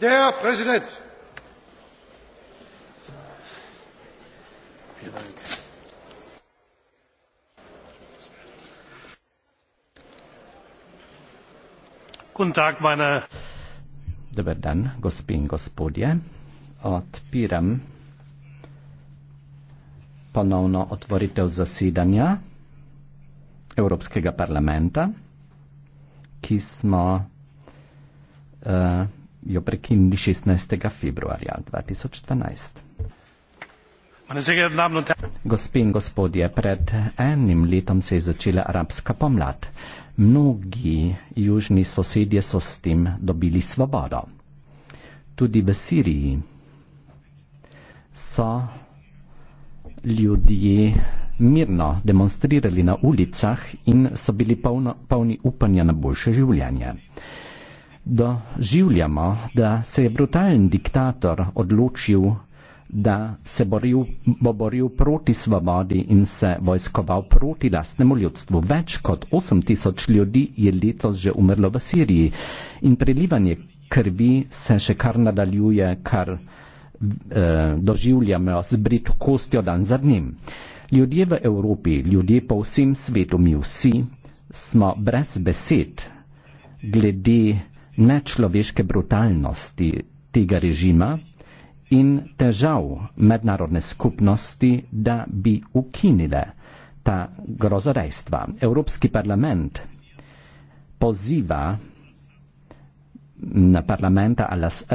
Herr Präsident! Guten Tag, meine Dober dan, gospe in gospodje. Odpiram ponovno otvoritev zasedanja Evropskega parlamenta, ki smo uh, jo prekinili 16. februarja 2012. Gospe in gospodje, pred enim letom se je začela arabska pomlad. Mnogi južni sosedje so s tem dobili svobodo. Tudi v Siriji so ljudje mirno demonstrirali na ulicah in so bili polno, polni upanja na boljše življenje doživljamo, da se je brutalen diktator odločil, da se boril, bo boril proti svobodi in se vojskoval proti lastnemu ljudstvu. Več kot 8000 ljudi je letos že umrlo v Siriji in prelivanje krvi se še kar nadaljuje, kar eh, doživljamo z brit kostjo dan za dnem. Ljudje v Evropi, ljudje po vsem svetu, mi vsi smo brez besed glede nečloveške brutalnosti tega režima in težav mednarodne skupnosti, da bi ukinile ta grozodejstva. Evropski parlament poziva na, parlamenta,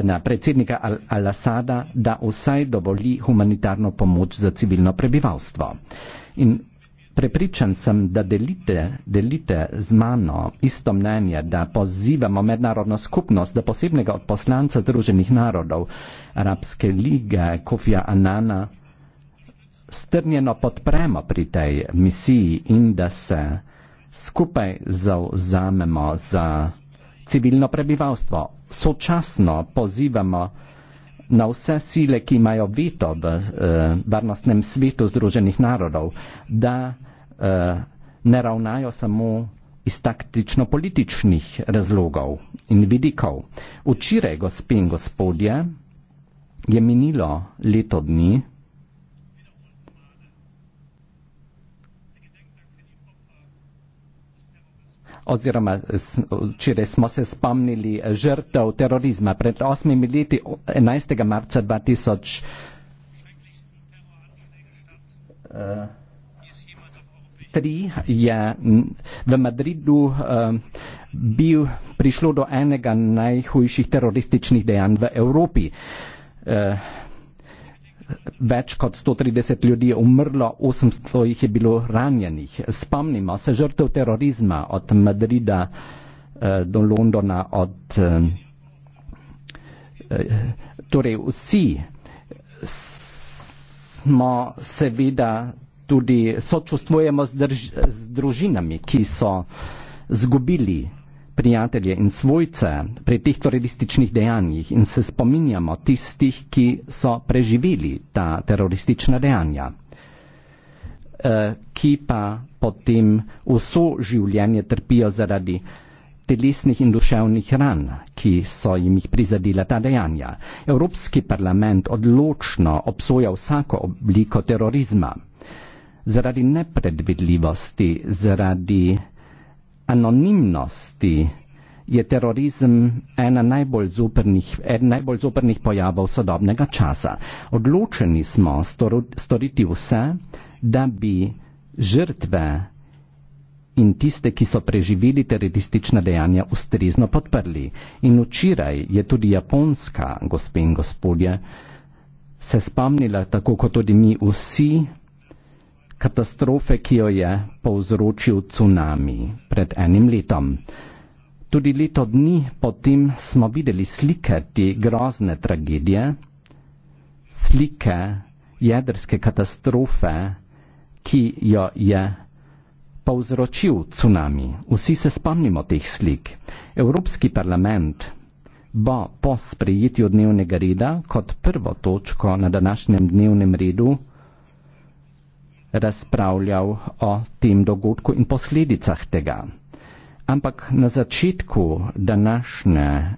na predsednika Al-Assada, da vsaj dovoli humanitarno pomoč za civilno prebivalstvo. In Prepričan sem, da delite, delite z mano isto mnenje, da pozivamo mednarodno skupnost, da posebnega odposlanca Združenih narodov, Arabske lige, Kofija Anana, strnjeno podpremo pri tej misiji in da se skupaj zauzamemo za civilno prebivalstvo. Sočasno pozivamo na vse sile, ki imajo veto v eh, varnostnem svetu Združenih narodov, da ne ravnajo samo iz taktično-političnih razlogov in vidikov. Včeraj, gospe in gospodje, je minilo leto dni, oziroma včeraj smo se spomnili žrtev terorizma pred osmimi leti 11. marca 2000. Uh, hitri, je v Madridu eh, bil, prišlo do enega najhujših terorističnih dejanj v Evropi. Eh, več kot 130 ljudi je umrlo, 800 jih je bilo ranjenih. Spomnimo se žrtev terorizma od Madrida eh, do Londona, od, torej vsi smo seveda tudi sočustvujemo z, drž, z družinami, ki so zgubili prijatelje in svojce pri teh terorističnih dejanjih in se spominjamo tistih, ki so preživeli ta teroristična dejanja, eh, ki pa potem vso življenje trpijo zaradi telesnih in duševnih ran, ki so jim jih prizadila ta dejanja. Evropski parlament odločno obsoja vsako obliko terorizma zaradi nepredvidljivosti, zaradi anonimnosti je terorizem ena najbolj zupernih, en najbolj zupernih pojavov sodobnega časa. Odločeni smo storiti vse, da bi žrtve in tiste, ki so preživeli teroristična dejanja, ustrezno podprli. In včeraj je tudi japonska, gospe in gospodje, se spomnila, tako kot tudi mi vsi, katastrofe, ki jo je povzročil tsunami pred enim letom. Tudi leto dni potem smo videli slike te grozne tragedije, slike jedrske katastrofe, ki jo je povzročil tsunami. Vsi se spomnimo teh slik. Evropski parlament bo po sprejetju dnevnega reda kot prvo točko na današnjem dnevnem redu razpravljal o tem dogodku in posledicah tega. Ampak na začetku današnjega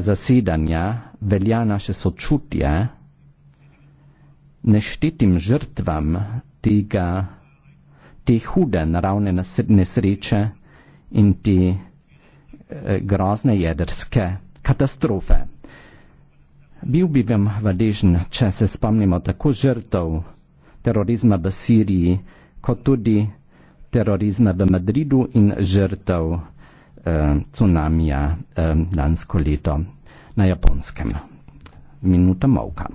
zasedanja velja naše sočutje neštetim žrtvam tega, te hude naravne nesreče in te eh, grozne jedrske katastrofe. Bil bi vam hvaležen, če se spomnimo tako žrtev, terorizma v Siriji, kot tudi terorizma v Madridu in žrtev eh, cunamija eh, lansko leto na Japonskem. Minuta molka.